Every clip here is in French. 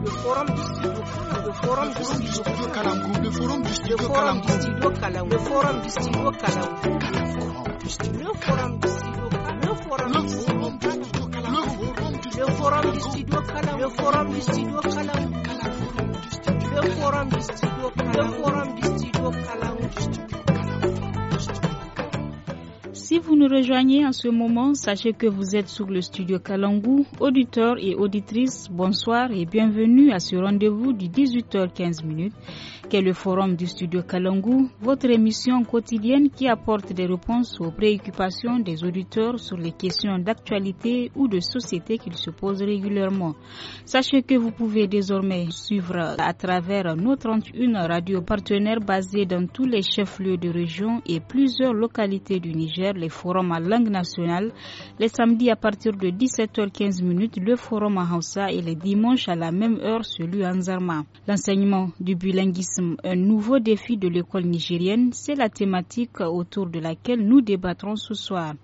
The forum du studio le forum du the forum, the forum du the forum, the forum du the forum, the forum du studio le forum the studio le forum du the Kalamkou the forum du studio Kalamkou le forum du the Kalamkou forum Si vous nous rejoignez en ce moment, sachez que vous êtes sur le studio Kalangou. Auditeurs et auditrices, bonsoir et bienvenue à ce rendez-vous du 18h15 qu'est le forum du studio Kalangou, votre émission quotidienne qui apporte des réponses aux préoccupations des auditeurs sur les questions d'actualité ou de société qu'ils se posent régulièrement. Sachez que vous pouvez désormais suivre à travers nos 31 radios partenaires basées dans tous les chefs-lieux de région et plusieurs localités du Niger les forums à langue nationale, les samedis à partir de 17h15, le forum à Hausa et les dimanches à la même heure celui en Zarma. L'enseignement du bilinguisme, un nouveau défi de l'école nigérienne, c'est la thématique autour de laquelle nous débattrons ce soir.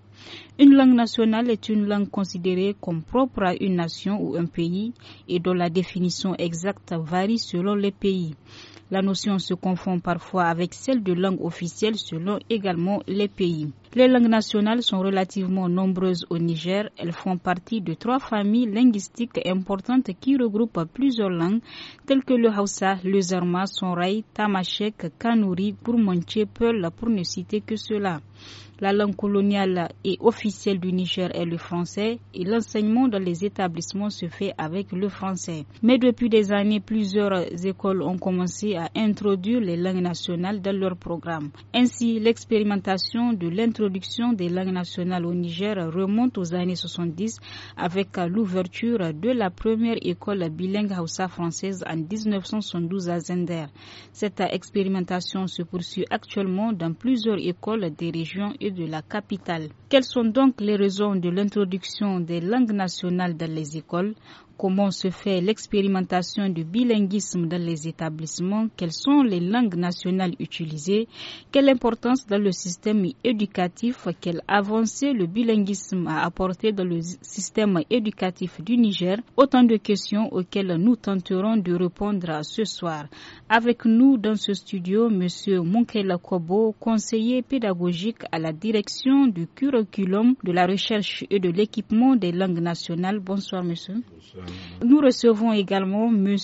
Une langue nationale est une langue considérée comme propre à une nation ou un pays et dont la définition exacte varie selon les pays. La notion se confond parfois avec celle de langue officielle selon également les pays. Les langues nationales sont relativement nombreuses au Niger. Elles font partie de trois familles linguistiques importantes qui regroupent plusieurs langues telles que le Hausa, le Zarma, Sonrai, Tamashek, Kanuri, peu Peul, pour ne citer que cela. La langue coloniale et officielle du Niger est le français et l'enseignement dans les établissements se fait avec le français. Mais depuis des années, plusieurs écoles ont commencé à introduire les langues nationales dans leurs programmes. Ainsi, l'expérimentation de l'introduction l'introduction des langues nationales au Niger remonte aux années 70 avec euh, l'ouverture de la première école bilingue Hausa française en 1972 à Zender. Cette expérimentation se poursuit actuellement dans plusieurs écoles des régions et de la capitale. Quelles sont donc les raisons de l'introduction des langues nationales dans les écoles Comment se fait l'expérimentation du bilinguisme dans les établissements Quelles sont les langues nationales utilisées Quelle importance dans le système éducatif Quelle avancée le bilinguisme a apporté dans le système éducatif du Niger Autant de questions auxquelles nous tenterons de répondre ce soir. Avec nous dans ce studio, M. Monkela Kobo, conseiller pédagogique à la direction du curriculum de la recherche et de l'équipement des langues nationales. Bonsoir, monsieur. Nous recevons également M.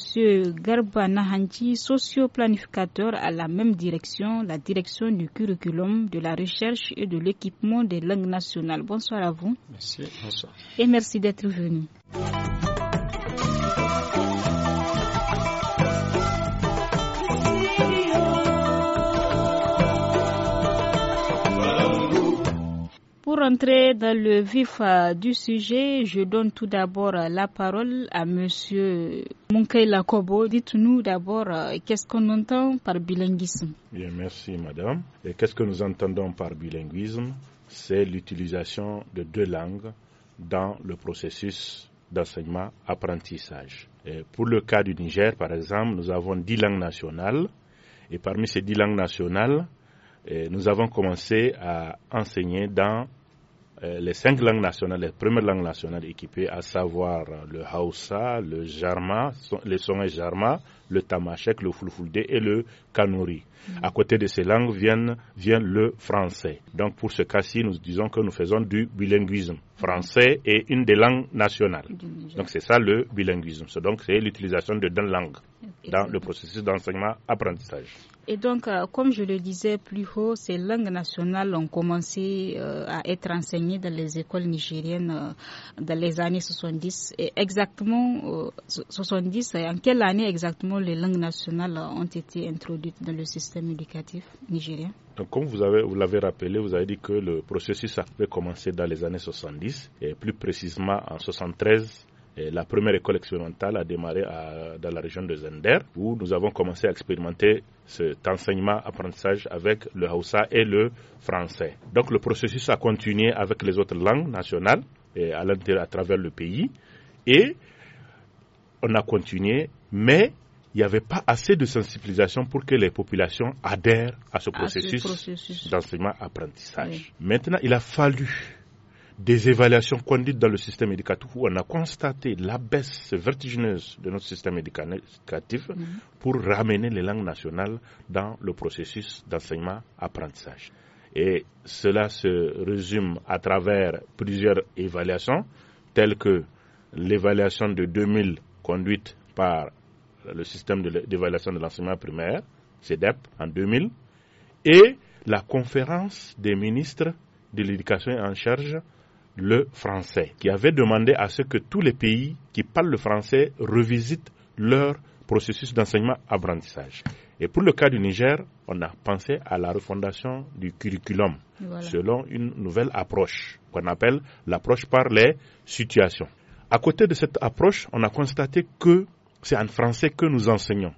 Garba Nahanji, socioplanificateur à la même direction, la direction du curriculum, de la recherche et de l'équipement des langues nationales. Bonsoir à vous. Merci, bonsoir. Et merci d'être venu. rentrer dans le vif euh, du sujet, je donne tout d'abord euh, la parole à Monsieur Munkei Lakobo. Dites-nous d'abord euh, qu'est-ce qu'on entend par bilinguisme. Bien, merci Madame. Et qu'est-ce que nous entendons par bilinguisme C'est l'utilisation de deux langues dans le processus d'enseignement-apprentissage. Pour le cas du Niger, par exemple, nous avons dix langues nationales. Et parmi ces dix langues nationales, eh, nous avons commencé à enseigner dans euh, les cinq langues nationales, les premières langues nationales équipées, à savoir euh, le Hausa, le Jarma, le Songhai Jarma, le Tamachek, le Fulfulde et le Kanuri. Mm. À côté de ces langues viennent, vient le français. Donc pour ce cas-ci, nous disons que nous faisons du bilinguisme. Français est une des langues nationales. Donc c'est ça le bilinguisme. Donc c'est l'utilisation de deux langues dans le processus d'enseignement-apprentissage. Et donc, euh, comme je le disais plus haut, ces langues nationales ont commencé euh, à être enseignées dans les écoles nigériennes euh, dans les années 70. Et exactement, 70, en quelle année exactement les langues nationales ont été introduites dans le système éducatif nigérien comme vous vous l'avez rappelé, vous avez dit que le processus avait commencé dans les années 70 et plus précisément en 73 la première école expérimentale a démarré dans la région de Zender, où nous avons commencé à expérimenter cet enseignement-apprentissage avec le Hausa et le français. Donc le processus a continué avec les autres langues nationales et à, à travers le pays. Et on a continué, mais il n'y avait pas assez de sensibilisation pour que les populations adhèrent à ce processus, d'enseignement-apprentissage. Maintenant, il a fallu des évaluations conduites dans le système éducatif où on a constaté la baisse vertigineuse de notre système éducatif mhm. pour ramener les langues nationales dans le processus d'enseignement-apprentissage. Et cela se résume à travers plusieurs évaluations, telles que l'évaluation de 2000 conduite par le système d'évaluation de l'enseignement primaire, CEDEP, en 2000, et la conférence des ministres de l'éducation en charge le français, qui avait demandé à ce que tous les pays qui parlent le français revisitent leur processus d'enseignement-apprentissage. Et pour le cas du Niger, on a pensé à la refondation du curriculum selon une nouvelle approche qu'on appelle l'approche par les situations. À côté de cette approche, on a constaté que c'est en français que nous enseignons.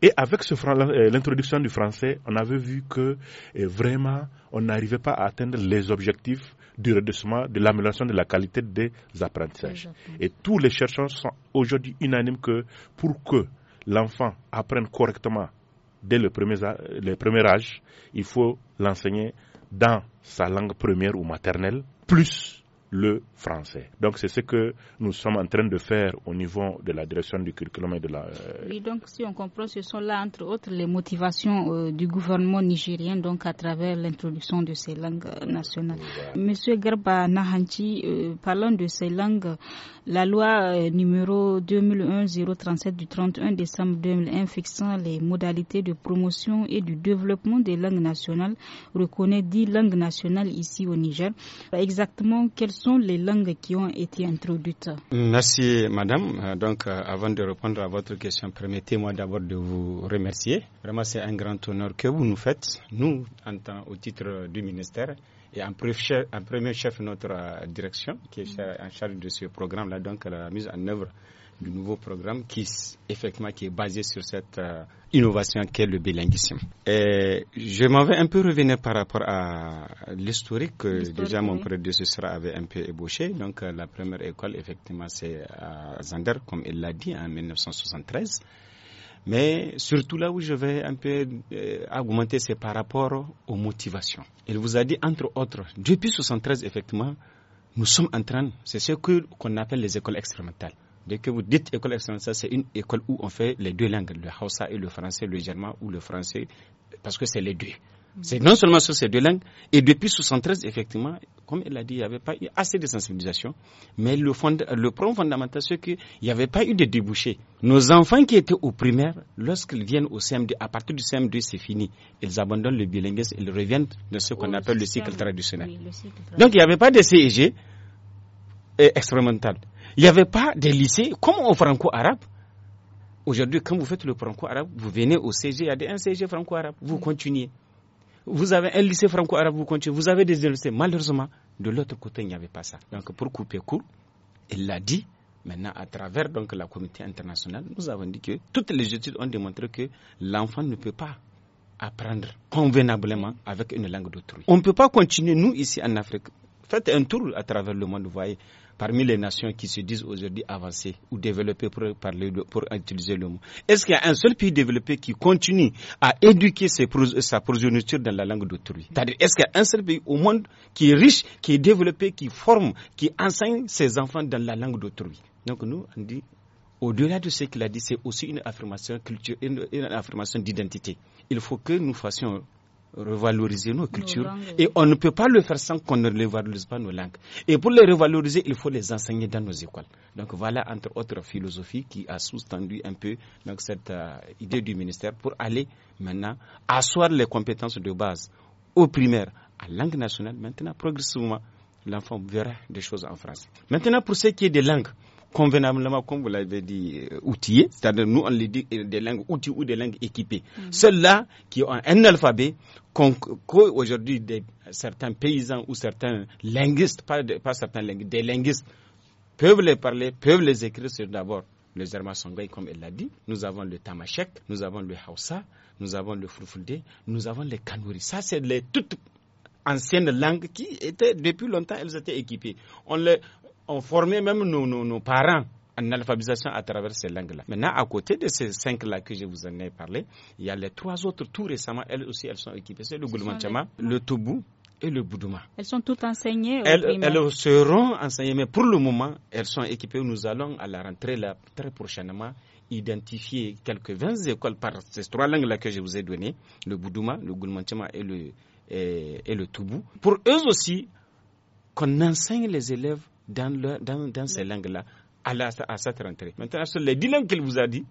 Et avec euh, l'introduction du français, on avait vu que euh, vraiment, on n'arrivait pas à atteindre les objectifs du redressement, de l'amélioration de la qualité des apprentissages. Et tous les chercheurs sont aujourd'hui unanimes que pour que l'enfant apprenne correctement dès le premier âge, il faut l'enseigner dans sa langue première ou maternelle, plus le français. Donc c'est ce que nous sommes en train de faire au niveau de la direction du curriculum et de la... Euh, oui, donc si on comprend, ce sont là entre autres les motivations euh, du gouvernement nigérien donc à travers l'introduction de ces langues euh, nationales. Monsieur Garba Nahanchi, parlant de ces langues, la loi numéro 2001-037 du 31 décembre 2001 fixant les modalités de promotion et du développement des langues nationales reconnaît dix langues nationales ici au Niger. Exactement quelles sont les langues qui ont été introduites Merci, madame. Euh, donc, euh, avant de répondre à votre question, permettez-moi d'abord de vous remercier. Vraiment, c'est un grand honneur que vous nous faites, nous, en tant, au titre du ministère et en, premier chef notre euh, direction qui est en charge de ce programme-là, donc la mise en œuvre du nouveau programme qui, effectivement, qui est basé sur cette euh, innovation qu'est le bilinguisme. je m'en vais un peu revenir par rapport à l'historique euh, que déjà mon prédécesseur avait un peu ébauché. Donc, euh, la première école, effectivement, c'est à Zander, comme il l'a dit, en 1973. Mais surtout là où je vais un peu augmenter, c'est par rapport aux motivations. Il vous a dit, entre autres, depuis 1973, effectivement, nous sommes en train, c'est ce qu'on appelle les écoles expérimentales. Dès que vous dites école expérimentale, c'est une école où on fait les deux langues, le Hausa et le français, le germain ou le français, parce que c'est les deux. Mm. C'est non seulement sur ces deux langues, et depuis 1973, effectivement, comme elle l'a dit, il n'y avait pas eu assez de sensibilisation, mais le, fond, problème fondamental, c'est qu'il n'y avait pas eu de débouchés. Nos enfants qui étaient au primaire, lorsqu'ils viennent au CM2, à partir du CM2, c'est fini. Ils abandonnent le bilinguisme, ils reviennent dans ce qu'on appelle le cycle, traditionnel. Donc il n'y avait pas de CEG expérimental. Il n'y avait pas de lycées. comme au franco-arabe. Aujourd'hui, quand vous faites le franco-arabe, vous venez au CG, il y a un CG franco-arabe, vous continuez. Vous avez un lycée franco-arabe, vous continuez. Vous avez des lycées. Malheureusement, de l'autre côté, il n'y avait pas ça. Donc, pour couper court, il l'a dit. Maintenant, à travers la communauté internationale, nous avons dit que toutes les études ont démontré que l'enfant ne peut pas apprendre convenablement avec une langue d'autrui. On ne peut pas continuer, nous, ici en Afrique. Faites un tour à travers le monde, vous voyez parmi les nations qui se disent aujourd'hui avancées ou développées pour, pour utiliser le mot. Est-ce qu'il y a un seul pays développé qui continue à éduquer ses, euh, sa progéniture dans la langue d'autrui C'est-à-dire, est-ce qu'il y a un seul pays au monde qui est riche, qui est développé, qui forme, qui enseigne ses enfants dans la langue d'autrui Donc nous, on dit, au-delà de ce qu'il a dit, c'est aussi une affirmation culturelle, une affirmation d'identité. Il faut que nous fassions revaloriser nos cultures. et on ne peut pas le faire sans qu'on ne revalorise pas nos langues. Et pour les revaloriser, il faut les enseigner dans nos écoles. Donc voilà, entre autres philosophies, qui a sous-tendu un peu cette euh, idée du ministère pour aller maintenant asseoir les compétences de base au primaire, à langue nationale. Maintenant, progressivement, l'enfant verra des choses en France. Maintenant, pour ce qui est des langues, convenablement, comme vous l'avez dit, euh, outillés. C'est-à-dire, nous, on les dit euh, des langues outillées ou des langues équipées. Mm Ceux-là qui ont un alphabet, qu'aujourd'hui, certains paysans ou certains linguistes, pas, pas certains langues des linguistes, peuvent les parler, peuvent les écrire sur d'abord le Zermasongay, comme elle l'a dit. Nous avons le Tamashek, nous avons le Hausa, nous avons le Fulfulde, nous avons le Kanouri. Ça, c'est les toutes anciennes langues qui étaient, depuis longtemps, elles étaient équipées. On, les, ont formé même nos, parents en alphabétisation à travers ces langues-là. Maintenant, à côté de ces cinq-là que je vous en ai parlé, il y a les trois autres, tout récemment, elles aussi, elles sont équipées. C'est le Goulmanchama, le Toubou et le Boudouma. Elles sont toutes enseignées elles, elles, seront enseignées, mais pour le moment, elles sont équipées. Nous allons à la rentrée très prochainement identifier quelques 20 écoles par ces trois langues-là que je vous ai données, le Boudouma, le Goulmanchama et le, et, et le Toubou. Pour eux aussi, qu'on enseigne les élèves dans, dans, dans ces langues-là à, à cette rentrée. Maintenant, sur les dix langues qu'il vous a dit,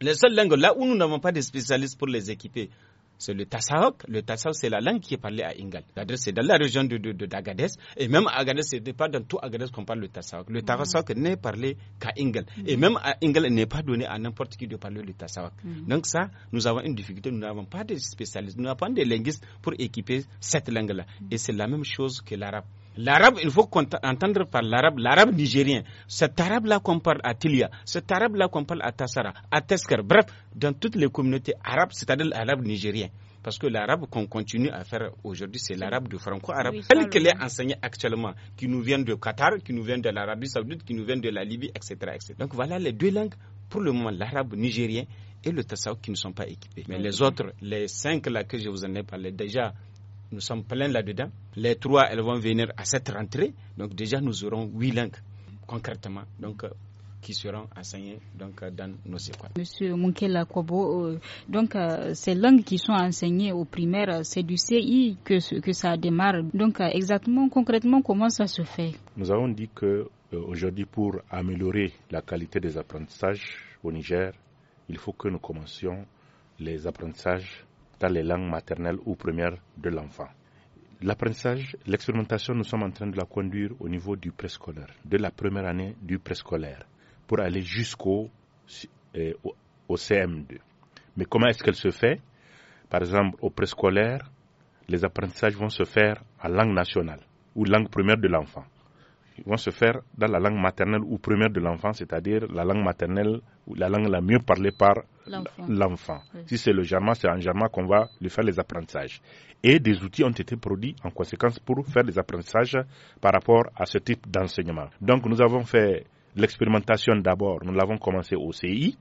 les seules langues là où nous n'avons pas de spécialistes pour les équiper, c'est le Tassaok. Le Tassaok, c'est la langue qui est parlée à Ingal. c'est dans la région de, d'Agadez. Et même à Agadez, ce n'est pas dans tout Agadez qu'on parle le Tassaok. Le Tassaok mm. n'est parlé qu'à Ingal. Mm. Et même à Ingal, il n'est pas donné à n'importe qui de parler le Tassaok. Mm. Donc ça, nous avons une difficulté. Nous n'avons pas de spécialistes. Nous n'avons pas de linguistes pour équiper cette langue-là. Et c'est la même chose que l'arabe. L'arabe, il faut entendre par l'arabe, l'arabe nigérien. Cet arabe-là qu'on parle à Tilia, cet arabe-là qu'on parle à Tassara, à Tesker, bref, dans toutes les communautés arabes, c'est-à-dire l'arabe nigérien. Parce que l'arabe qu'on continue à faire aujourd'hui, c'est l'arabe du franco-arabe, oui, tel qu'elle est enseignée actuellement, qui nous vient de Qatar, qui nous vient de l'Arabie saoudite, qui nous vient de la Libye, etc. Donc voilà les deux langues, pour le moment, l'arabe nigérien et le tassaw qui ne sont pas équipés. Mais les autres, les cinq là que je vous en ai parlé, déjà, nous sommes pleins là-dedans. Les trois, elles vont venir à cette rentrée. Donc déjà, nous aurons huit langues concrètement. Donc euh, qui seront enseignées donc, euh, dans nos écoles. Monsieur Moukela Kobo, euh, donc ces langues qui sont enseignées aux primaires, c'est du CI que, que ça démarre. Donc exactement, concrètement, comment ça se fait Nous avons dit que aujourd'hui, pour améliorer la qualité des apprentissages au Niger, il faut que nous commencions les apprentissages dans les langues maternelles ou premières de l'enfant. L'apprentissage, l'expérimentation, nous sommes en train de la conduire au niveau du préscolaire, de la première année du préscolaire, pour aller jusqu'au euh, au CM2. Mais comment est-ce qu'elle se fait Par exemple, au préscolaire, les apprentissages vont se faire en langue nationale ou langue première de l'enfant. Ils vont se faire dans la langue maternelle ou première de l'enfant, c'est-à-dire la langue maternelle ou la langue la mieux parlée par l'enfant. Si c'est le germain, c'est en germain qu'on va lui faire les apprentissages. Et des outils ont été produits en conséquence pour faire les apprentissages par rapport à ce type d'enseignement. Donc nous avons fait l'expérimentation d'abord, nous l'avons commencé au CI.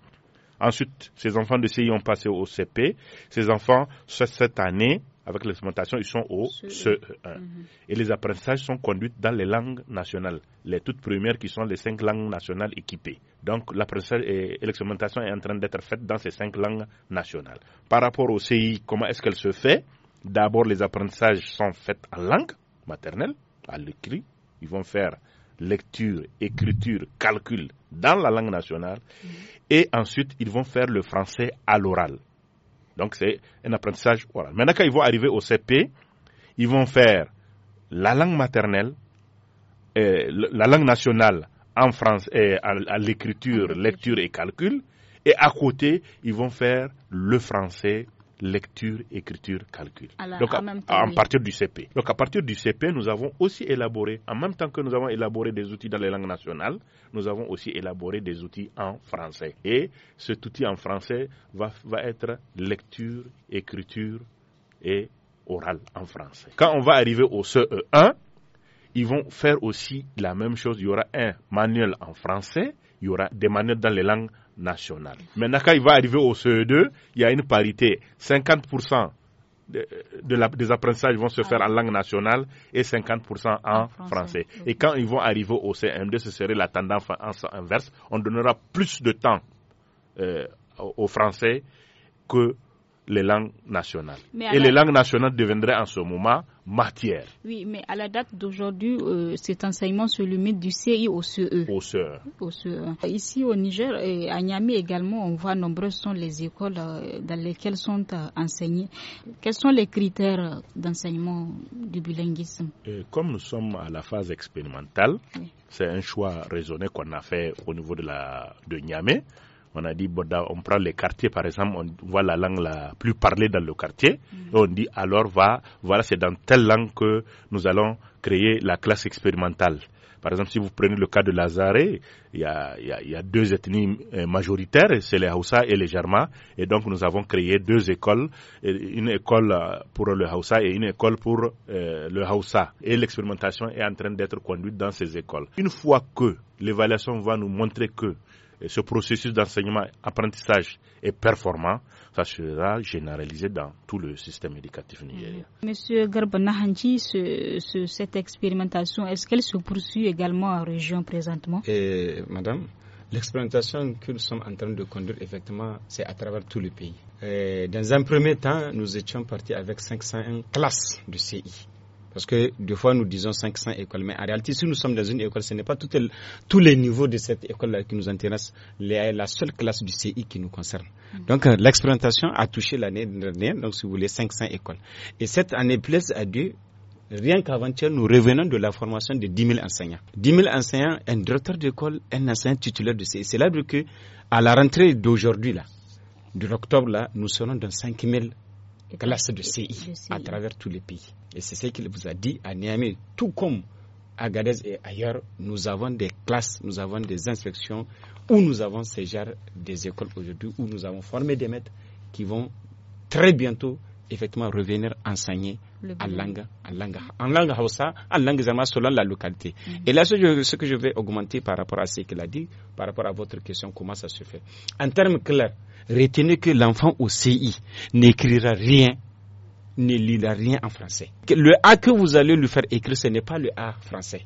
Ensuite, ces enfants de CI ont passé au CP. Ces enfants, cette année, avec l'expérimentation, ils sont au CE1. E mhm. Et les apprentissages sont conduits dans les langues nationales, les toutes premières qui sont les cinq langues nationales équipées. Donc l'expérimentation est en train d'être faite dans ces cinq langues nationales. Par rapport au CI, comment est-ce qu'elle se fait D'abord, les apprentissages sont faits en langue maternelle, à l'écrit. Ils vont faire lecture, écriture, calcul dans la langue nationale. Mhm. Et ensuite, ils vont faire le français à l'oral. Donc c'est un apprentissage oral. Maintenant, quand ils vont arriver au CP, ils vont faire la langue maternelle, la langue nationale en France, à l'écriture, lecture et calcul, et à côté, ils vont faire le français lecture, écriture, calcul. Donc, à, partir du CP. Donc, à partir du CP, nous avons aussi élaboré, en même temps que nous avons élaboré des outils dans les langues nationales, nous avons aussi élaboré des outils en français. Et cet outil en français va, va être lecture, écriture et oral en français. Quand on va arriver au CE1, ils vont faire aussi la même chose. Il y aura un manuel en français, il y aura des manuels dans les langues nationale. Maintenant, quand il va arriver au CE2, il y a une parité. 50% des apprentissages vont se faire en langue nationale et 50% en, français. Et quand ils vont arriver au CM2, ce serait la tendance inverse. On donnera plus de temps euh, aux Français que les langues nationales. Et les langues nationales deviendraient en ce moment matière. Oui, mais à la date d'aujourd'hui, euh, cet enseignement se limite du CI au CE. Au CE. E. Ici au Niger et à Niamey également, on voit nombreuses sont les écoles euh, dans lesquelles sont euh, enseignées. Quels sont les critères d'enseignement du bilinguisme Comme nous sommes à la phase expérimentale, c'est un choix raisonné qu'on a fait au niveau de, la, de Niamey on a dit, on prend les quartiers, par exemple, on voit la langue la plus parlée dans le quartier, et mm-hmm. on dit, alors, va, voilà, c'est dans telle langue que nous allons créer la classe expérimentale. Par exemple, si vous prenez le cas de Lazare, il y a, il deux ethnies euh, majoritaires, c'est les Hausa et les Jarma. Et donc, nous avons créé deux écoles, une école euh, pour le Hausa et une école pour euh, le Hausa. Et l'expérimentation est en train d'être conduite dans ces écoles. Une fois que l'évaluation va nous montrer que ce processus d'enseignement, apprentissage est performant, ça sera généralisé dans tout le système éducatif nigérien. Mm. Monsieur Garbanahanji, cette expérimentation, est-ce qu'elle se poursuit également en région présentement Madame, L'expérimentation que nous sommes en train de conduire, effectivement, c'est à travers tout le pays. dans un premier temps, nous étions partis avec 501 classes de CI. Parce que des fois, nous disons 500 écoles, mais en réalité, si nous sommes dans une école, ce n'est pas tous les niveaux de cette école-là qui nous intéressent, la seule classe du CI qui nous concerne. Mm. Donc, euh, l'expérimentation a touché l'année dernière, donc si vous voulez, 500 écoles. Et cette année, plus à dû Rien qu'avant-hier, nous revenons de la formation de 10 000 enseignants. 10 000 enseignants, un directeur d'école, un enseignant titulaire de CI. C'est là que, à la rentrée d'aujourd'hui, là, de l'octobre, là, nous serons dans 5 000 classe de CI, à travers tous les pays. Et c'est ce qu'il vous a dit à Niamey, tout comme à Gadez et ailleurs, nous avons des classes, nous avons des inspections où nous avons ces genres des écoles aujourd'hui, où nous avons formé des maîtres qui vont très bientôt effectivement revenir enseigner en langue, en langue, en langue Hausa, en langue selon la localité. Mm. Et là, ce, que je vais augmenter par rapport à ce qu'il a dit, par rapport à votre question, comment ça se fait. En termes clairs, retenez que l'enfant au CI n'écrira rien, ne lira rien en français. Le A que vous allez lui faire écrire, ce n'est pas le A français,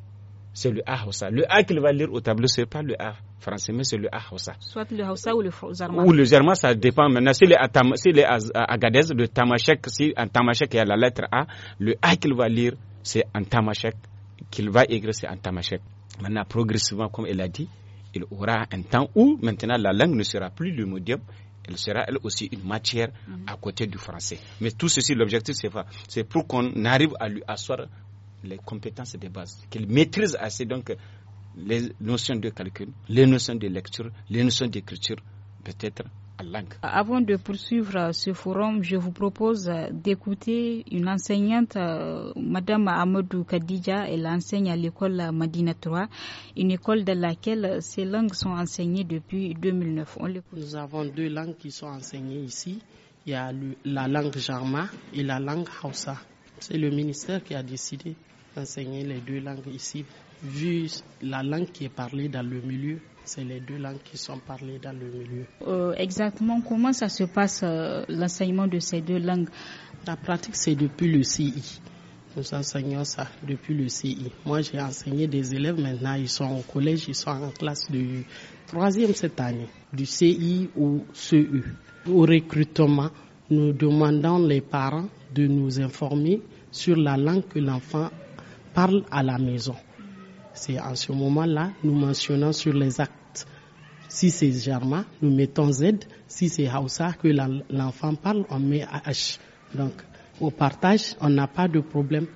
c'est le A Hausa. Le A qu'il va lire au tableau, ce n'est pas le A français, mais c'est le Hausa. Soit le Hausa ou le Zarma. Ou le Zarma, ça dépend maintenant. si C'est le, le Agadez, le Tamashek, si en Tamashek il y a la lettre A, le A qu'il va lire, c'est en Tamashek. Qu'il va écrire, c'est en Tamashek. Maintenant, progressivement, comme il a dit, il aura un temps où maintenant la langue ne sera plus le modium, elle sera elle aussi une matière mhm. à côté du français. Mais tout ceci, l'objectif, c'est quoi C'est pour qu'on arrive à lui asseoir les compétences de base, qu'il maîtrise assez. Donc, les notions de calcul, les notions de lecture, les notions d'écriture, peut-être en langue. Euh, avant de poursuivre euh, ce forum, je vous propose euh, d'écouter une enseignante, Madame Amadou Kadija. Elle enseigne à l'école Madina 3, une école dans laquelle ces langues sont enseignées depuis 2009. Nous avons deux langues qui sont enseignées ici. Il y a la langue Jarma et la langue Hausa. C'est le ministère qui a décidé d'enseigner les deux langues ici vu la langue qui est parlée dans le milieu, c'est les deux langues qui sont parlées dans le milieu. Euh, exactement, comment ça se passe euh, l'enseignement de ces deux langues La pratique, c'est depuis le CI. Nous enseignons ça depuis le CI. Moi, j'ai enseigné des élèves maintenant, ils sont au collège, ils sont en classe de troisième cette année, du CI au CEU. Au recrutement, nous demandons les parents de nous informer sur la langue que l'enfant parle à la maison. C'est en ce moment-là, nous mentionnons sur les actes. Si c'est Jarma, nous mettons Z. Si c'est Hausa que l'enfant parle, on met H. Donc, au partage, on n'a pas de problème.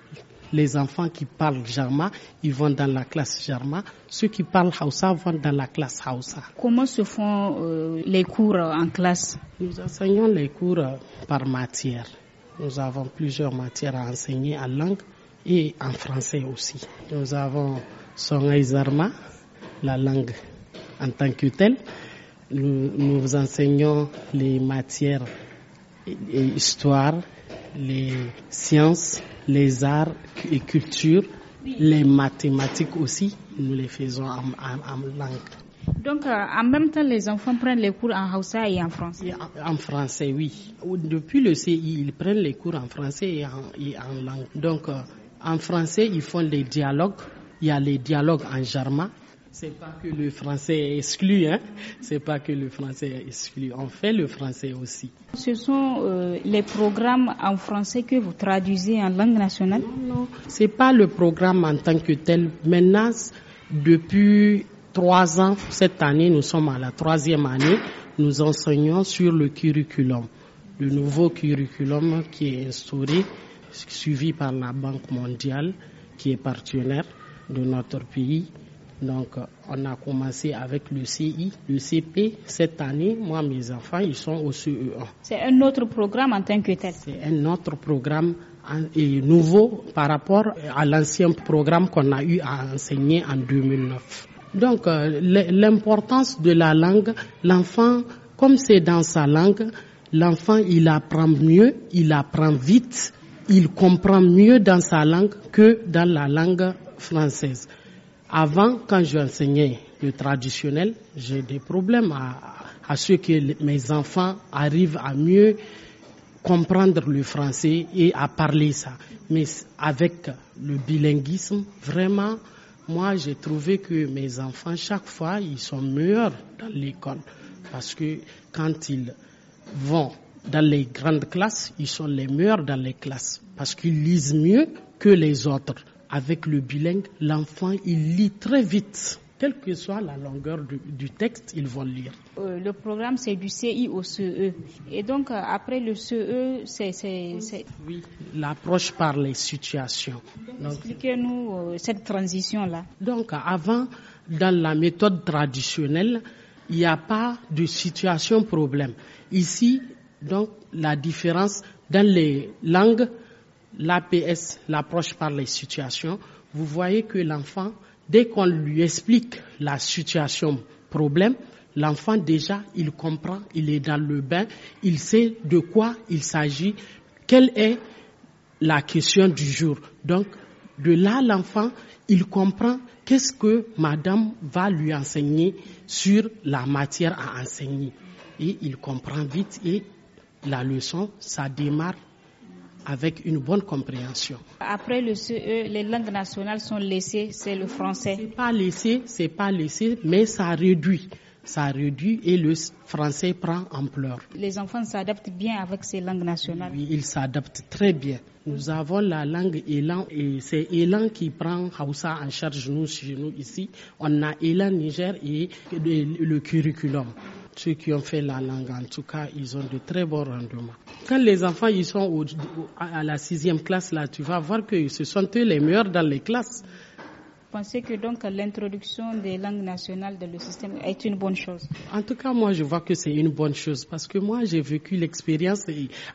Les enfants qui parlent Jarma, ils vont dans la classe Jarma. Ceux qui parlent Hausa vont dans la classe Hausa. Comment se font euh, les cours en classe Nous enseignons les cours euh, par matière. Nous avons plusieurs matières à enseigner en langue et en français aussi. Nous avons son Zarma, la langue en tant que telle. Nous, nous enseignons les matières et histoire, les sciences, les arts et culture, les mathématiques aussi, nous les faisons en, en, langue. Donc, euh, en même temps, les enfants prennent les cours en Hausa et en français En, français, oui. Depuis le CI, ils prennent les cours en français et en, langue. Donc, euh, en français, ils font les dialogues. Il y a les dialogues en germain. C'est pas que le français est exclu, hein. C'est pas que le français est exclu. On fait le français aussi. Ce sont euh, les programmes en français que vous traduisez en langue nationale Non, non. C'est pas le programme en tant que tel. Maintenant, depuis trois ans, cette année, nous sommes à la troisième année, nous enseignons sur le curriculum, le nouveau curriculum qui est instauré suivi par la Banque mondiale qui est partenaire de notre pays. Donc, euh, on a commencé avec le CI, le CP. Cette année, moi, mes enfants, ils sont au CE1. C'est un autre programme en tant que tel. C'est un autre programme hein, et nouveau par rapport à l'ancien programme qu'on a eu à enseigner en 2009. Donc, euh, l'importance de la langue, l'enfant, comme c'est dans sa langue, l'enfant, il apprend mieux, il apprend vite il comprend mieux dans sa langue que dans la langue française. Avant, quand j'enseignais le traditionnel, j'ai des problèmes à, à ce que mes enfants arrivent à mieux comprendre le français et à parler ça. Mais avec le bilinguisme, vraiment, moi, j'ai trouvé que mes enfants, chaque fois, ils sont meilleurs dans l'école. Parce que quand ils vont dans les grandes classes, ils sont les meilleurs dans les classes parce qu'ils lisent mieux que les autres. Avec le bilingue, l'enfant, il lit très vite. Quelle que soit la longueur du, texte, ils vont lire. Euh, le programme, c'est du CI au CE. Et donc, euh, après le e, CE, c'est... Oui, l'approche par les situations. Expliquez-nous euh, cette transition-là. Donc, avant, dans la méthode traditionnelle, il n'y a pas de situation problème. Ici, donc la différence dans les langues, l'APS, l'approche par les situations, vous voyez que l'enfant, dès qu'on lui explique la situation problème, l'enfant déjà, il comprend, il est dans le bain, il sait de quoi il s'agit, quelle est la question du jour. Donc de là, l'enfant, il comprend qu'est-ce que madame va lui enseigner sur la matière à enseigner. Et il comprend vite et la leçon, ça démarre avec une bonne compréhension. Après le CE, les langues nationales sont laissées, c'est le français. C'est pas laissé, c'est pas laissé, mais ça réduit. Ça réduit et le français prend ampleur. Les enfants s'adaptent bien avec ces langues nationales. Oui, ils s'adaptent très bien. Nous avons la langue Elan et c'est Elan qui prend Hausa en charge nous, nous ici. On a Elan Niger et le curriculum ceux qui ont fait la langue, en tout cas, ils ont de très bons rendements. Quand les enfants ils sont à la sixième classe, là, tu vas voir que ce sont eux les meilleurs dans les classes pensez que donc l'introduction des langues nationales dans le système est une bonne chose En tout cas, moi, je vois que c'est une bonne chose parce que moi, j'ai vécu l'expérience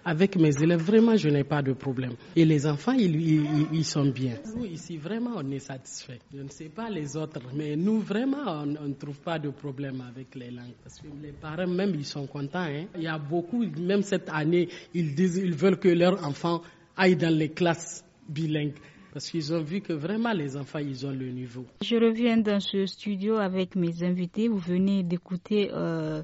avec mes élèves. Vraiment, je n'ai pas de problème. Et les enfants, ils, sont bien. Nous, ici, vraiment, on est satisfait. Je ne sais pas les autres, mais nous, vraiment, on ne trouve pas de problème avec les langues. Parce que les parents, même, ils sont contents. Hein. Il y a beaucoup, même cette année, ils disent ils veulent que leurs enfants aillent dans les classes bilingues parce qu'ils ont vu que vraiment les enfants, ils ont le niveau. Je reviens dans ce studio avec mes invités. Vous venez d'écouter euh,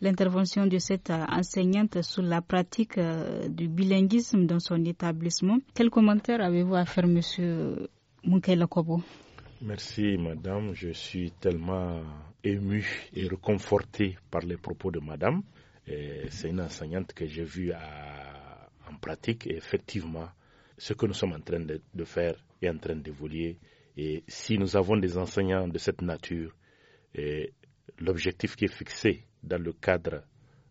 l'intervention de cette euh, enseignante sur la pratique euh, du bilinguisme dans son établissement. Quel commentaire avez-vous à faire, Monsieur Moukela Kobo Merci, Madame. Je suis tellement ému et reconforté par les propos de Madame. C'est une enseignante que j'ai vue en pratique effectivement, ce que nous sommes en train de, faire est en train d'évoluer. Et si nous avons des enseignants de cette nature, l'objectif qui est fixé dans le cadre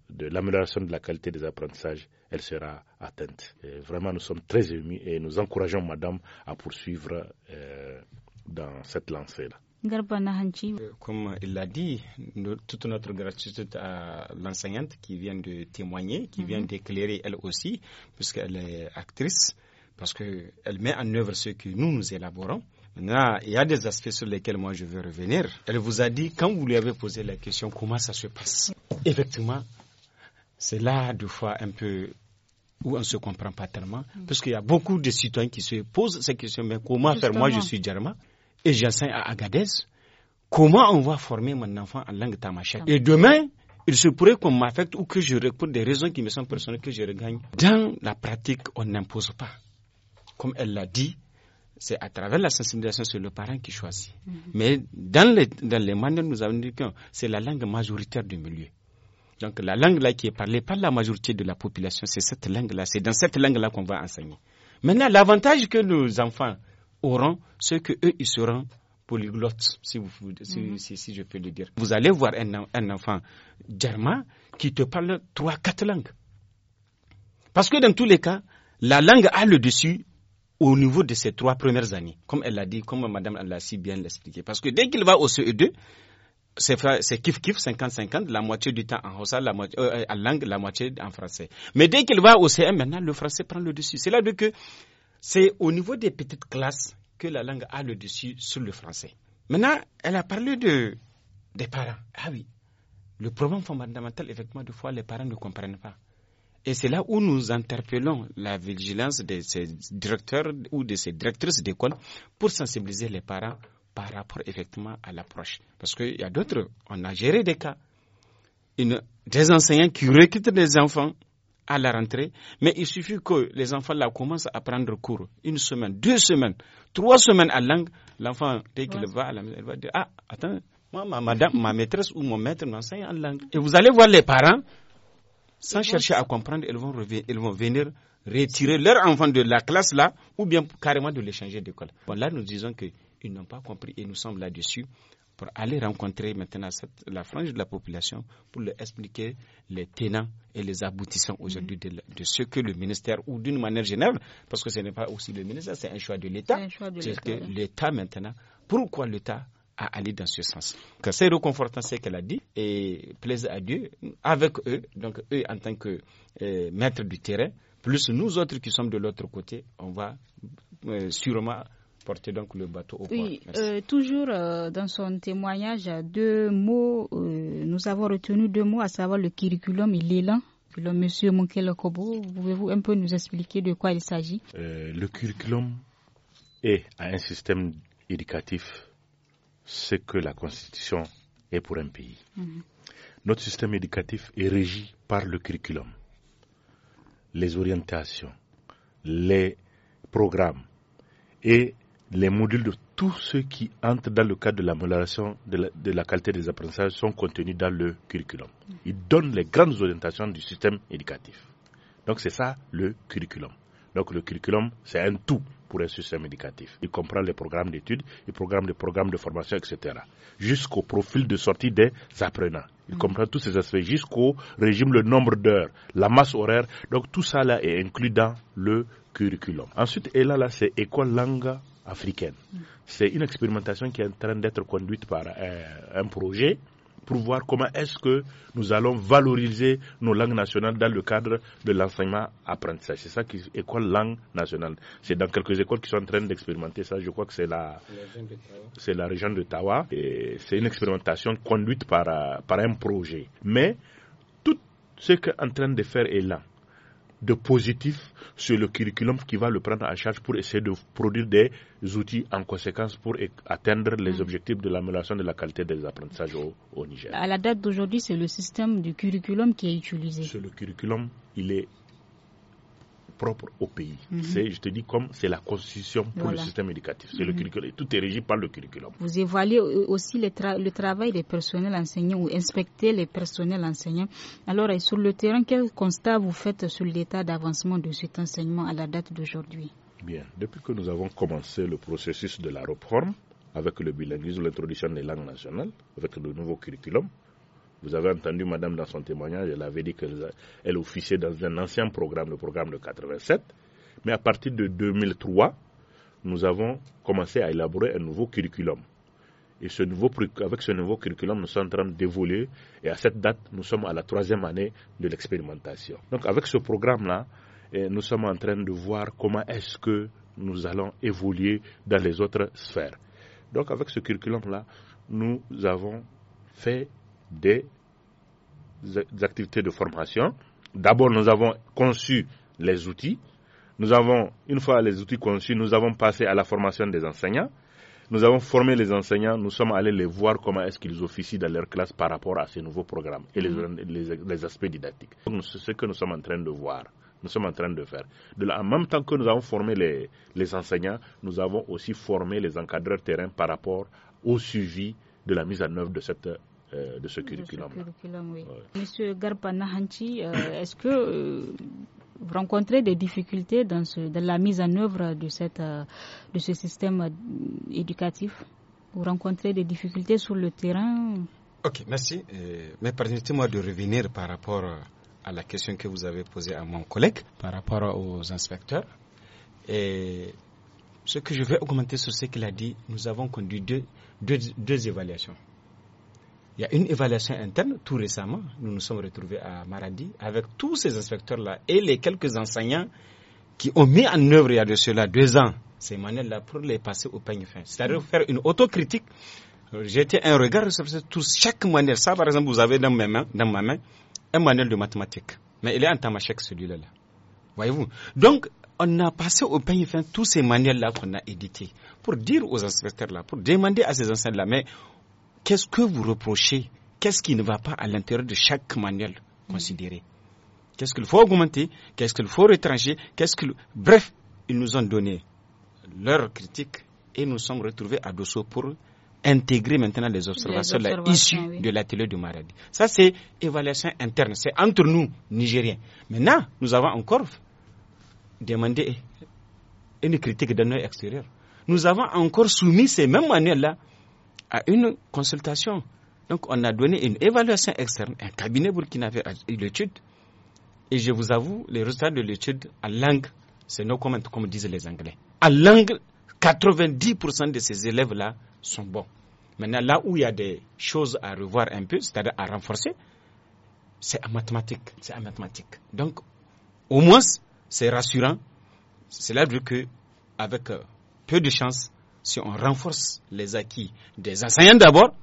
de l'amélioration de la qualité des apprentissages, elle sera atteinte. vraiment, nous sommes très émus et nous encourageons Madame à poursuivre euh, dans cette lancée-là. Euh, comme il l'a dit, toute notre gratitude à l'enseignante qui vient de témoigner, qui mhm. vient d'éclairer elle aussi, puisqu'elle est actrice parce qu'elle met en œuvre ce que nous, nous élaborons. Maintenant, il y a des aspects sur lesquels moi je veux revenir. Elle vous a dit, quand vous lui avez posé la question, comment ça se passe Effectivement, c'est là, deux fois, un peu où on ne se comprend pas tellement, mm. parce qu'il y a beaucoup de citoyens qui se posent ces questions, mais comment faire Moi, je suis Djerma et j'enseigne à Agadez. Comment on va former mon enfant en langue tamashek ah. Et demain, il se pourrait qu'on m'affecte ou que je, pour des raisons qui me sont personnelles, que je regagne. Dans la pratique, on n'impose pas comme elle l'a dit, c'est à travers la sensibilisation, sur le parent qui choisit. Mhm. Mais dans les, dans les nous avons dit que c'est la langue majoritaire du milieu. Donc la langue là qui est parlée par la majorité de la population, c'est cette langue là, c'est dans cette langue là qu'on va enseigner. Maintenant, l'avantage que nos enfants auront, c'est que eux ils seront polyglottes, si, mhm. si, je peux le dire. Vous allez voir un, enfant germain qui te parle trois, quatre langues. Parce que dans tous les cas, la langue a le dessus au niveau de ces trois premières années, comme elle l'a dit, comme Madame l'a si bien expliqué. Parce que dès qu'il va au CE2, c'est kiff-kiff, 50-50, la moitié du temps en la moitié, euh, euh, en langue, la moitié en français. Mais dès qu'il va au CM, maintenant, le français prend le dessus. C'est là que c'est au niveau des petites classes que la langue a le dessus sur le français. Maintenant, elle a parlé de, des parents. Ah oui, le problème fondamental, effectivement, des fois, les parents ne comprennent pas. Et c'est là où nous interpellons la vigilance de ces directeurs ou de ces directrices d'école pour sensibiliser les parents par rapport effectivement à l'approche. Parce qu'il y a d'autres, on a géré des cas. des enseignants qui recrutent des enfants à la rentrée, mais il suffit que les enfants la commencent à prendre cours une semaine, deux semaines, trois semaines à langue. L'enfant, dès qu'il va à la maison, il va dire Ah, attends, moi, ma madame, ma maîtresse ou mon maître m'enseigne en langue. Et vous allez voir les parents sans chercher à comprendre, elles vont, elles vont venir retirer leurs enfants de la classe là ou bien carrément de les changer d'école. Bon, là, nous disons qu'ils n'ont pas compris et nous sommes là-dessus pour aller rencontrer maintenant la frange de la population pour leur expliquer les tenants et les aboutissants aujourd'hui de, de, ce que le ministère, ou d'une manière générale, parce que ce n'est pas aussi le ministère, c'est un choix de l'État. C'est que l'État maintenant, pourquoi l'État à aller dans ce sens. c'est reconfortant ce qu'elle a dit et plaise à Dieu avec eux, donc eux en tant que maître euh, maîtres du terrain, plus nous autres qui sommes de l'autre côté, on va euh, sûrement porter donc le bateau au port. Oui, euh, toujours dans son témoignage, deux mots, nous avons retenu deux mots, à savoir le curriculum et l'élan. Monsieur Monkele Kobo, pouvez-vous un peu nous expliquer de quoi il s'agit Le curriculum est un système éducatif ce que la Constitution est pour un pays. Mhm. Notre système éducatif est régi par le curriculum, les orientations, les programmes et les modules de tout ce qui entrent dans le cadre de l'amélioration de, de, la, qualité des apprentissages sont contenus dans le curriculum. Mhm. Il donne les grandes orientations du système éducatif. Donc c'est ça le curriculum. Donc le curriculum, c'est un tout pour un système éducatif. Il comprend les programmes d'études, les programmes de formation, etc. Jusqu'au profil de sortie des apprenants. Il mm. comprend tous ces aspects jusqu'au régime, le nombre d'heures, la masse horaire. Donc tout ça là est inclus dans le curriculum. Ensuite, et là, c'est école langue africaine. Mm. C'est une expérimentation qui est en train d'être conduite par euh, un projet pour voir comment est-ce que nous allons valoriser nos langues nationales dans le cadre de l'enseignement apprentissage. C'est ça qui école langue nationale. C'est dans quelques écoles qui sont en train d'expérimenter ça. Je crois que c'est la, c'est la région de Tawa. Et c'est une expérimentation conduite par, euh, par un projet. Mais tout ce est en train de faire est là de positif sur le curriculum qui va le prendre en charge pour essayer de produire des outils en conséquence pour e- atteindre les mm. objectifs de l'amélioration de la qualité des apprentissages au, Niger. À la date d'aujourd'hui, c'est le système du curriculum qui est utilisé. le curriculum, il est propre au pays. Mhm. C'est, je te dis, comme c'est la constitution pour le système éducatif. C'est le mhm. curriculum. Tout est régi par le curriculum. Vous évaluez aussi le, travail des personnels enseignants ou inspectez les personnels enseignants. Alors, sur le terrain, quel constat vous faites sur l'état d'avancement de cet enseignement à la date d'aujourd'hui Bien. Depuis que nous avons commencé le processus de la réforme, avec le bilinguisme, l'introduction des langues nationales, avec le nouveau curriculum, vous avez entendu, madame, dans son témoignage, elle avait dit qu'elle elle officiait dans un ancien programme, le programme de 87. Mais à partir de 2003, nous avons commencé à élaborer un nouveau curriculum. Et ce nouveau, avec ce nouveau curriculum, nous sommes en train d'évoluer. Et à cette date, nous sommes à la troisième année de l'expérimentation. Donc avec ce programme-là, eh, nous sommes en train de voir comment est-ce que nous allons évoluer dans les autres sphères. Donc avec ce curriculum-là, nous avons fait des activités de formation. D'abord, nous avons conçu les outils. Nous avons, une fois les outils conçus, nous avons passé à la formation des enseignants. Nous avons formé les enseignants, nous sommes allés les voir comment est-ce qu'ils officient dans leur classe par rapport à ces nouveaux programmes et les, mm-hmm. aspects didactiques. C'est ce que nous sommes en train de voir, nous sommes en train de faire. en même temps que nous avons formé les, les enseignants, nous avons aussi formé les encadreurs terrain par rapport au suivi de la mise en œuvre de cette euh, de ce curriculum. Monsieur Garpanahanti, euh, est-ce que euh, vous rencontrez des difficultés dans, la mise en œuvre de, de ce système éducatif Vous rencontrez des difficultés sur le terrain Ok, merci. mais permettez-moi de revenir par rapport à la question que vous avez posée à mon collègue, par rapport aux inspecteurs. Et ce que je vais augmenter sur ce qu'il a dit, nous avons conduit deux évaluations. Il y a une évaluation interne. Tout récemment, nous nous sommes retrouvés à Maradi avec tous ces inspecteurs-là et les quelques enseignants qui ont mis en œuvre il y a de cela deux ans ces manuels-là pour les passer au peigne fin. C'est-à-dire mm. faire une autocritique. J'étais un regard sur chaque manuel. Ça, par exemple, vous avez dans, dans ma main un manuel de mathématiques. Mais il est en chaque celui-là. Voyez-vous Donc, on a passé au peigne fin tous ces manuels-là qu'on a édités pour dire aux inspecteurs-là, pour demander à ces enseignants-là, mais qu'est-ce que vous reprochez Qu'est-ce qui ne va pas à l'intérieur de chaque manuel mm. considéré Qu'est-ce qu'il faut augmenter Qu'est-ce qu'il faut rétranger ce Bref, ils nous ont donné leur critique et nous sommes retrouvés à Dosso pour intégrer maintenant les observations, les issues de l'atelier du maradi. Ça, c'est évaluation interne. C'est entre nous, Nigériens. Maintenant, nous avons encore demandé une critique d'un œil extérieur. Nous avons encore soumis ces mêmes manuels-là à une consultation. Donc, on a donné une évaluation externe, un cabinet burkinabé a l'étude. Et je vous avoue, les résultats de l'étude à langue, c'est nos comment, comme disent les Anglais. À langue, 90% de ces élèves-là sont bons. Maintenant, là où il y a des choses à revoir un peu, c'est-à-dire à renforcer, c'est en mathématiques. C'est en mathématiques. Donc, au moins, c'est rassurant. cest là dire que, avec euh, peu de chance, si on renforce les acquis des enseignants d'abord,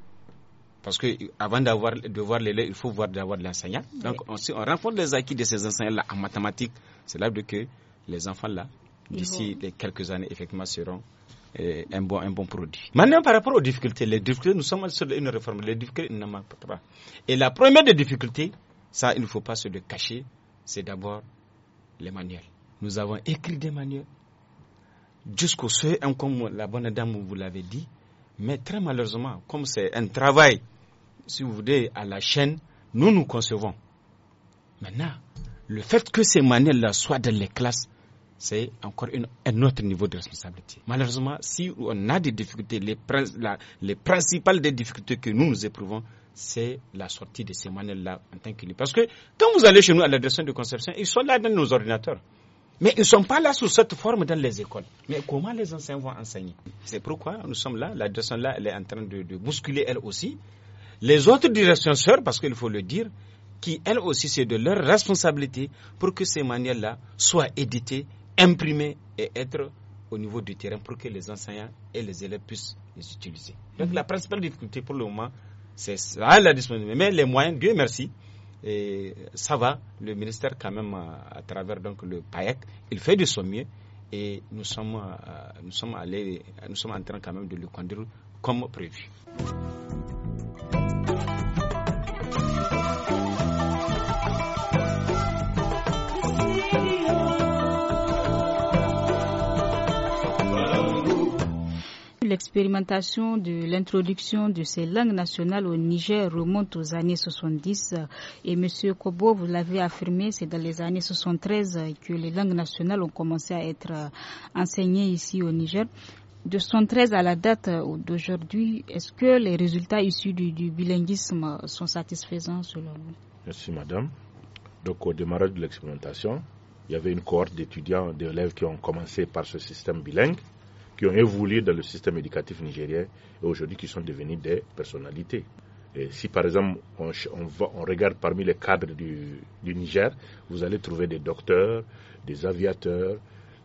parce que avant d'avoir de voir l'élève, il faut voir d'avoir de l'enseignant. Donc, si on renforce les acquis de ces enseignants-là en mathématiques, c'est là que les enfants-là, d'ici quelques années, effectivement, seront eh, un, bon, produit. Maintenant, par rapport aux difficultés, les difficultés, nous sommes sur une réforme, les difficultés ne manquent pas. Et la première des difficultés, ça, il ne faut pas se le cacher, c'est d'abord les manuels. Nous avons écrit des manuels, jusqu'au seuil, hein, comme la bonne dame vous l'avait dit. Mais très malheureusement, comme c'est un travail, si vous voulez, à la chaîne, nous nous concevons. Maintenant, le fait que ces manuels-là soient dans les classes, c'est encore un autre niveau de responsabilité. Malheureusement, si on a des difficultés, les, principales des difficultés que nous nous éprouvons, c'est la sortie de ces manuels-là en tant que Parce que quand vous allez chez nous à la direction de conception, ils sont là dans nos ordinateurs. Mais ils ne sont pas là sous cette forme dans les écoles. Mais comment les enseignants vont enseigner C'est pourquoi nous sommes là. La direction là, elle est en train de, bousculer elle aussi. Les autres directions sœurs, parce qu'il faut le dire, qui elles aussi, c'est de leur responsabilité pour que ces manuels-là soient édités, imprimés et être au niveau du terrain pour que les enseignants et les élèves puissent les utiliser. Donc mhm. la principale difficulté pour le moment, c'est ça la disponibilité. Mais les moyens, Dieu merci, et ça va. Le ministère, quand même, à travers donc le PAEC, il fait de son mieux et nous sommes, euh, nous sommes allés, nous sommes en train quand même de le conduire comme prévu. l'expérimentation de l'introduction de ces langues nationales au Niger remonte aux années 70 et monsieur Kobo, vous l'avez affirmé, c'est dans les années 73 que les langues nationales ont commencé à être enseignées ici au Niger. De 73 à la date d'aujourd'hui, est-ce que les résultats issus du, bilinguisme sont satisfaisants selon vous Merci madame. Donc au démarrage de l'expérimentation, il y avait une cohorte d'étudiants, d'élèves qui ont commencé par ce système bilingue qui ont évolué dans le système éducatif nigérien et aujourd'hui qui sont devenus des personnalités. Et si par exemple on, regarde parmi les cadres du, Niger, vous allez trouver des docteurs, des aviateurs.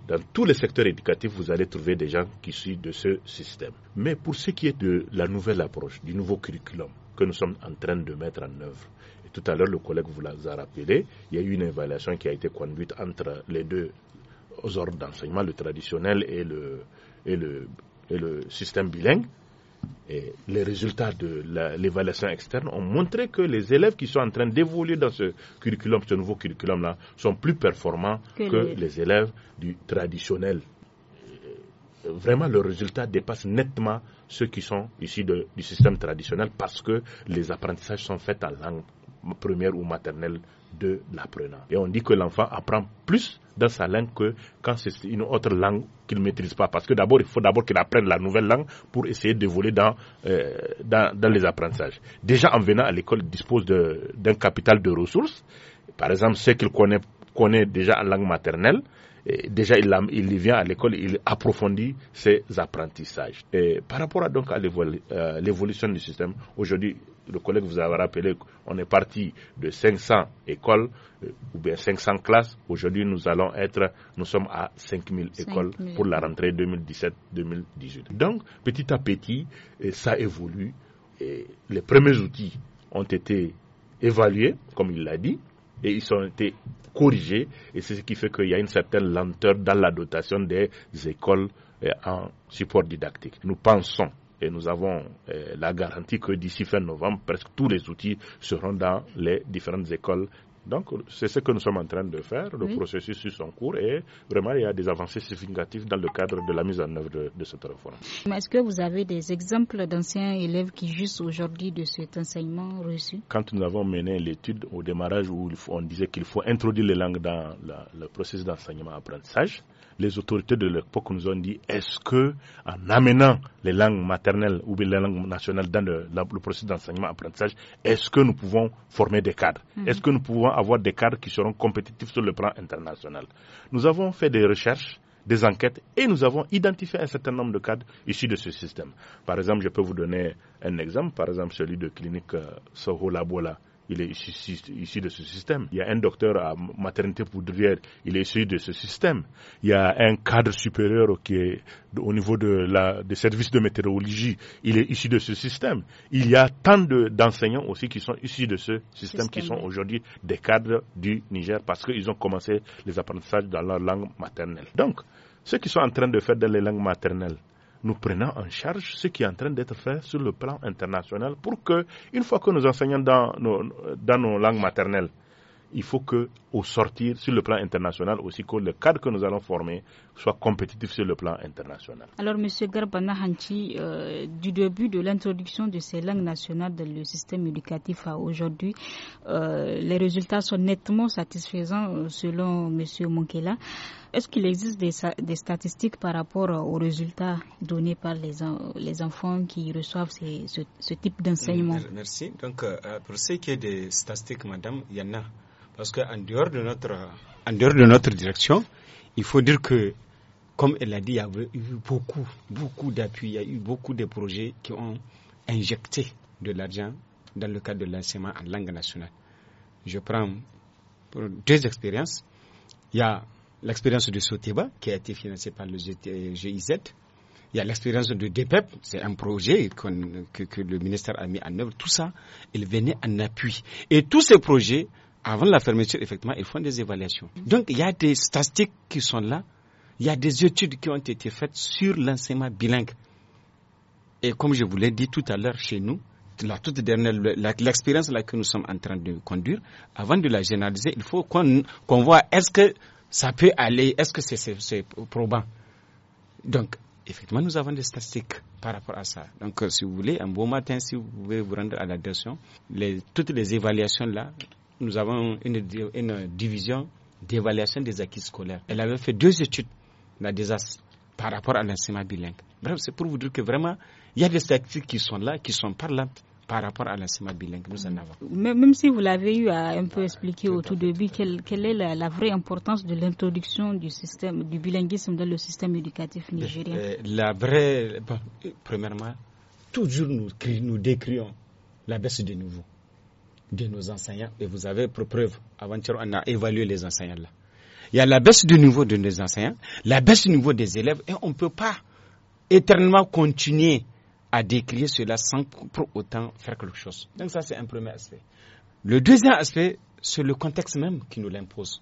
Dans tous les secteurs éducatifs, vous allez trouver des gens qui suivent de ce système. Mais pour ce qui est de la nouvelle approche, du nouveau curriculum que nous sommes en train de mettre en œuvre, et tout à l'heure le collègue vous l'a rappelé, il y a eu une évaluation qui a été conduite entre les deux ordres d'enseignement, le traditionnel et le, et le, et le système bilingue. Et les résultats de l'évaluation externe ont montré que les élèves qui sont en train d'évoluer dans ce curriculum, ce nouveau curriculum-là, sont plus performants que, les... élèves du traditionnel. Euh, vraiment, le résultat dépasse nettement ceux qui sont ici du système traditionnel parce que les apprentissages sont faits en langue première ou maternelle de l'apprenant. Et on dit que l'enfant apprend plus dans sa langue que quand c'est une autre langue qu'il ne maîtrise pas. Parce que d'abord, il faut d'abord qu'il apprenne la nouvelle langue pour essayer d'évoluer dans, euh, dans, dans, les apprentissages. Déjà, en venant à l'école, il dispose d'un capital de ressources. Par exemple, ceux qu'il connaît, connaît déjà en langue maternelle, déjà il, il, vient à l'école, il approfondit ses apprentissages. Et par rapport à, donc à euh, l'évolution du système, aujourd'hui, le collègue vous a rappelé qu'on est parti de 500 écoles euh, ou bien 500 classes. Aujourd'hui, nous allons être, nous sommes à 5000 écoles pour la rentrée 2017-2018. Donc, petit à petit, ça évolue. Et les premiers outils ont été évalués, comme il l'a dit, et ils ont été corrigés. Et c'est ce qui fait qu'il y a une certaine lenteur dans la dotation des écoles euh, en support didactique. Nous pensons et nous avons euh, la garantie que d'ici fin novembre, presque tous les outils seront dans les différentes écoles donc, c'est ce que nous sommes en train de faire. Le processus est en cours et vraiment, il y a des avancées significatives dans le cadre de la mise en œuvre de, cette réforme. Est-ce que vous avez des exemples d'anciens élèves qui jouissent aujourd'hui de cet enseignement reçu Quand nous avons mené l'étude au démarrage où on disait qu'il faut introduire les langues dans le processus d'enseignement-apprentissage, les autorités de l'époque nous ont dit est-ce que en amenant les langues maternelles ou les langues nationales dans le, processus d'enseignement-apprentissage, est-ce que nous pouvons former des cadres mhm. Est-ce que nous pouvons avoir des cadres qui seront compétitifs sur le plan international Nous avons fait des recherches des enquêtes et nous avons identifié un certain nombre de cadres issus de ce système. Par exemple, je peux vous donner un exemple, par exemple celui de clinique euh, Soho Labola il est issu, de ce système. Il y a un docteur à maternité poudrière, il est issu de ce système. Il y a un cadre supérieur qui est au niveau de la, des services de météorologie, il est issu de ce système. Il y a tant d'enseignants aussi qui sont issus de ce système, système. qui sont aujourd'hui des cadres du Niger parce qu'ils ont commencé les apprentissages dans leur langue maternelle. Donc, ceux qui sont en train de faire dans les langues maternelles, nous prenons en charge ce qui est en train d'être fait sur le plan international pour que, une fois que nous enseignons dans nos, dans nos langues maternelles, il faut que au sortir sur le plan international aussi que le cadre que nous allons former soit compétitif sur le plan international. Alors, M. Garbana Hanchi, euh, du début de l'introduction de ces langues nationales dans le système éducatif à aujourd'hui, euh, les résultats sont nettement satisfaisants euh, selon M. Monkela. Est-ce qu'il existe des, statistiques par rapport aux résultats donnés par les, enfants qui reçoivent ce, type d'enseignement Merci. Donc, pour ce qui est des statistiques, madame, il y en a. Parce qu'en dehors, de notre, en dehors de notre direction, il faut dire que, comme elle l'a dit, il y a eu beaucoup, beaucoup d'appui. il y a eu beaucoup de projets qui ont injecté de l'argent dans le cadre de l'enseignement en langue nationale. Je prends deux expériences. Il y a l'expérience de Soteba qui a été financée par le GIZ. Il y a l'expérience de DPEP, e c'est un projet que, que, le ministère a mis en œuvre. Tout ça, il venait en appui. Et tous ces projets avant la fermeture, effectivement, ils font des évaluations. Donc, il y a des statistiques qui sont là. Il y a des études qui ont été faites sur l'enseignement bilingue. Et comme je vous l'ai dit tout à l'heure chez nous, la toute dernière, l'expérience là que nous sommes en train de conduire, avant de la généraliser, il faut qu'on qu'on voit est-ce que ça peut aller, est-ce que c'est probant. Donc, effectivement, nous avons des statistiques par rapport à ça. Donc, euh, si vous voulez, un beau matin, si vous pouvez vous rendre à la direction, les, toutes les évaluations là, nous avons une, une division d'évaluation des acquis scolaires. Elle avait fait deux études, la par rapport à l'enseignement bilingue. Bref, c'est pour vous dire que vraiment, il y a des statistiques qui sont là, qui sont parlantes par rapport à l'enseignement bilingue. Nous en avons. Même, si vous l'avez eu à un peu expliquer au tout début, quelle, est la, vraie importance de l'introduction du système du bilinguisme dans le système éducatif nigérien euh, La vraie, premièrement, toujours nous, décrions la baisse des nouveaux de nos enseignants. Et vous avez pour preuve, avant tout on a évalué les enseignants-là. Il y a la baisse du niveau de nos enseignants, la baisse du niveau des élèves, et on ne peut pas éternellement continuer à décrire cela sans pour autant faire quelque chose. Donc ça, c'est un premier aspect. Le deuxième aspect, c'est le contexte même qui nous l'impose.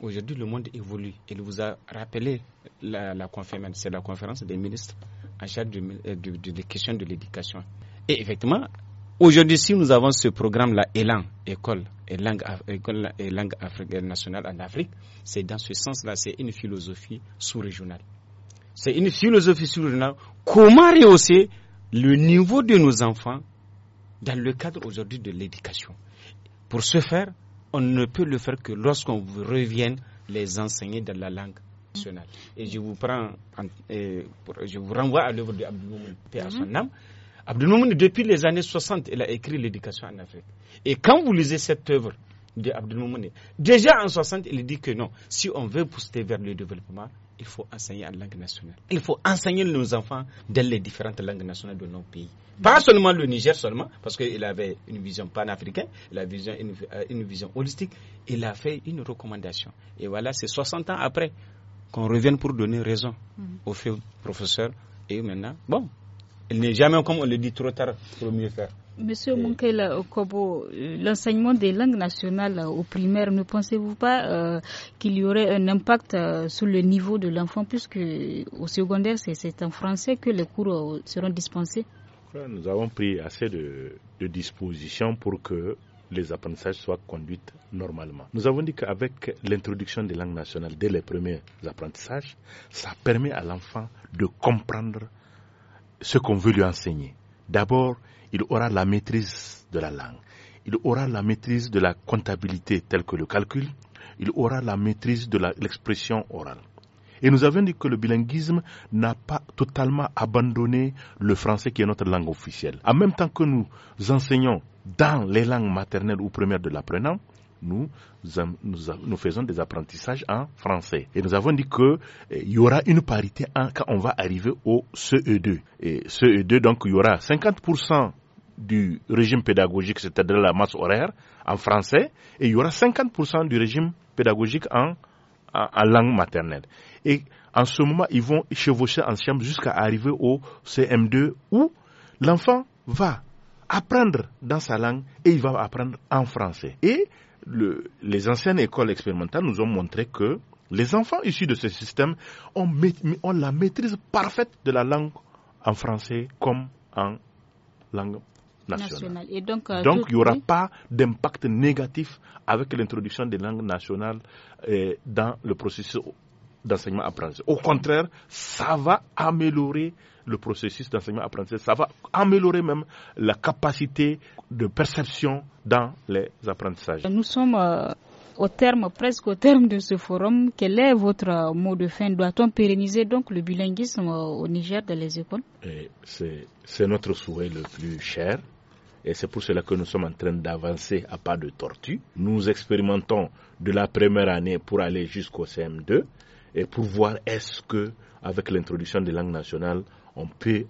Aujourd'hui, le monde évolue. Il vous a rappelé la, conférence, c'est la conférence des ministres en charge euh, des de questions de l'éducation. Et effectivement, Aujourd'hui, si nous avons ce programme-là, Élan, école, et langue, école et langue africaine nationale en Afrique, c'est dans ce sens-là, c'est une philosophie sous-régionale. C'est une philosophie sous-régionale. Comment rehausser le niveau de nos enfants dans le cadre aujourd'hui de l'éducation Pour ce faire, on ne peut le faire que lorsqu'on revienne les enseigner dans la langue nationale. Et je vous prends, je vous renvoie à l'œuvre de Abdul Moumoun, Abdelmoumouni, depuis les années 60, il a écrit l'éducation en Afrique. Et quand vous lisez cette œuvre d'Abdelmoumouni, déjà en 60, il dit que non, si on veut pousser vers le développement, il faut enseigner en langue nationale. Il faut enseigner nos enfants dans les différentes langues nationales de nos pays. Pas seulement le Niger seulement, parce qu'il avait une vision panafricaine, euh, une, vision holistique. Il a fait une recommandation. Et voilà, c'est 60 ans après qu'on revienne pour donner raison mhm. aux feu professeurs. Et maintenant, bon, il n'est jamais, comme on le dit, trop tard pour mieux faire. Monsieur Munkel Kobo, euh, l'enseignement des langues nationales euh, au primaire, ne pensez-vous pas euh, qu'il y aurait un impact sur le niveau de l'enfant, puisque au secondaire, c'est en français que les cours seront dispensés Nous avons pris assez de, de dispositions pour que les apprentissages soient conduits normalement. Nous avons dit qu'avec l'introduction des langues nationales dès les premiers apprentissages, ça permet à l'enfant de comprendre ce qu'on veut lui enseigner. D'abord, il aura la maîtrise de la langue. Il aura la maîtrise de la comptabilité telle que le calcul. Il aura la maîtrise de l'expression orale. Et nous avons dit que le bilinguisme n'a pas totalement abandonné le français qui est notre langue officielle. En même temps que nous enseignons dans les langues maternelles ou premières de l'apprenant, nous, nous, faisons des apprentissages en français. Et nous avons dit qu'il eh, il y aura une parité en, quand on va arriver au CE2. Et CE2, donc, il y aura 50% du régime pédagogique, c'est-à-dire la masse horaire, en français, et il y aura 50% du régime pédagogique en, en, en, langue maternelle. Et en ce moment, ils vont chevaucher ensemble jusqu'à arriver au CM2 où l'enfant va apprendre dans sa langue et il va apprendre en français. Et les anciennes écoles expérimentales nous ont montré que les enfants issus de ce système ont, la maîtrise parfaite de la langue en français comme en langue nationale. Euh, donc, il n'y aura pas d'impact négatif avec l'introduction des langues nationales euh, dans le processus d'enseignement-apprentissage. Au contraire, ça va améliorer le processus d'enseignement-apprentissage, ça va améliorer même la capacité de perception dans les apprentissages. Nous sommes euh, au terme, presque au terme de ce forum, quel est votre euh, mot de fin Doit-on pérenniser donc le bilinguisme euh, au Niger dans les écoles C'est notre souhait le plus cher. Et c'est pour cela que nous sommes en train d'avancer à pas de tortue. Nous expérimentons de la première année pour aller jusqu'au CM2 et pour voir est-ce que avec l'introduction des langues nationales, on peut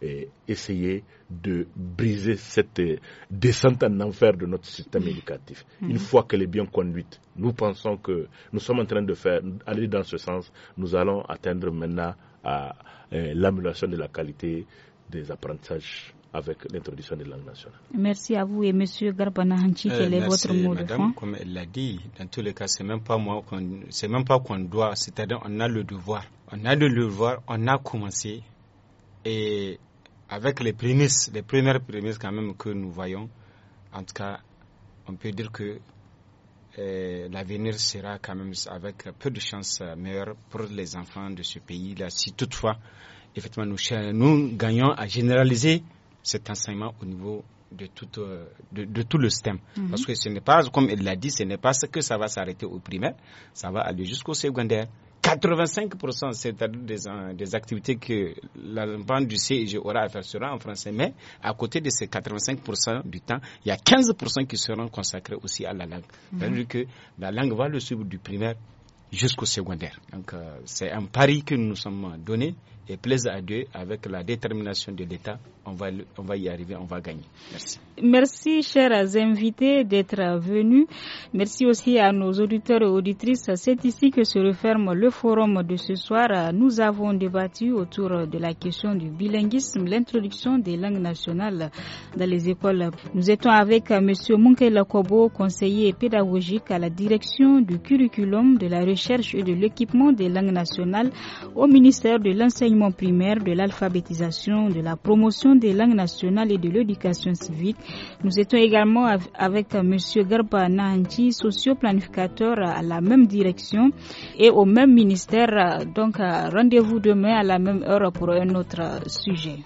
eh, essayer de briser cette eh, descente en enfer de notre système éducatif. Mm-hmm. Une fois qu'elle est bien conduite, nous pensons que nous sommes en train de faire aller dans ce sens. Nous allons atteindre maintenant à, eh, l'amélioration de la qualité des apprentissages avec l'introduction des langues Merci à vous et Monsieur Garbanahanchi, quel est euh, votre mot Comme elle l'a dit, dans tous les cas, c'est même pas moi, c'est même pas qu'on doit, c'est-à-dire on a le devoir, on a le devoir, on a commencé et avec les prémices, les premières prémices quand même que nous voyons, en tout cas, on peut dire que euh, l'avenir sera quand même avec peu de chances meilleures pour les enfants de ce pays-là, si toutefois, effectivement, nous, nous gagnons à généraliser cet enseignement au niveau de tout, euh, de, tout le système. Mhm. Parce que ce n'est pas, comme elle l'a dit, ce n'est pas ce que ça va s'arrêter au primaire, ça va aller jusqu'au secondaire. 85%, cest des, activités que la bande du CIG aura à faire sera en français, mais à côté de ces 85% du temps, il y a 15% qui seront consacrés aussi à la langue. Mhm. C'est-à-dire que la langue va le suivre du primaire jusqu'au secondaire. Donc euh, c'est un pari que nous nous sommes donnés et plaise à Dieu, avec la détermination de l'État, on va, on va y arriver, on va gagner. Merci. Merci, chers invités, d'être venus. Merci aussi à nos auditeurs et auditrices. C'est ici que se referme le forum de ce soir. Nous avons débattu autour de la question du bilinguisme, l'introduction des langues nationales dans les écoles. Nous étions avec M. Munké Lakobo, conseiller pédagogique à la direction du curriculum de la recherche et de l'équipement des langues nationales au ministère de l'enseignement primaire, de l'alphabétisation, de la promotion des langues nationales et de l'éducation civique. Nous étions également avec M. Garba Nahanti, socioplanificateur à la même direction et au même ministère. Donc euh, rendez-vous demain à la même heure pour un autre euh, sujet.